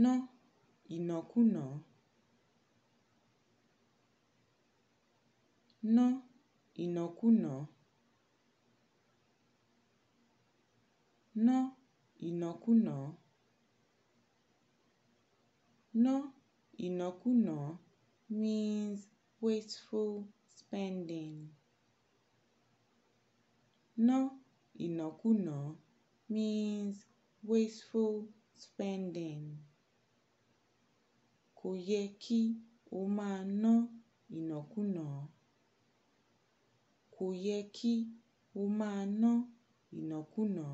ná ìnákúnàá, ná ìnákúnàá, ná ìnákúnàá, ná ìnákúnàá means wasteful spending. Ná ìnákúnàá means wasteful spending kò yẹ kí o máa ná ìnákúnàá kò yẹ kí o máa ná ìnákúnàá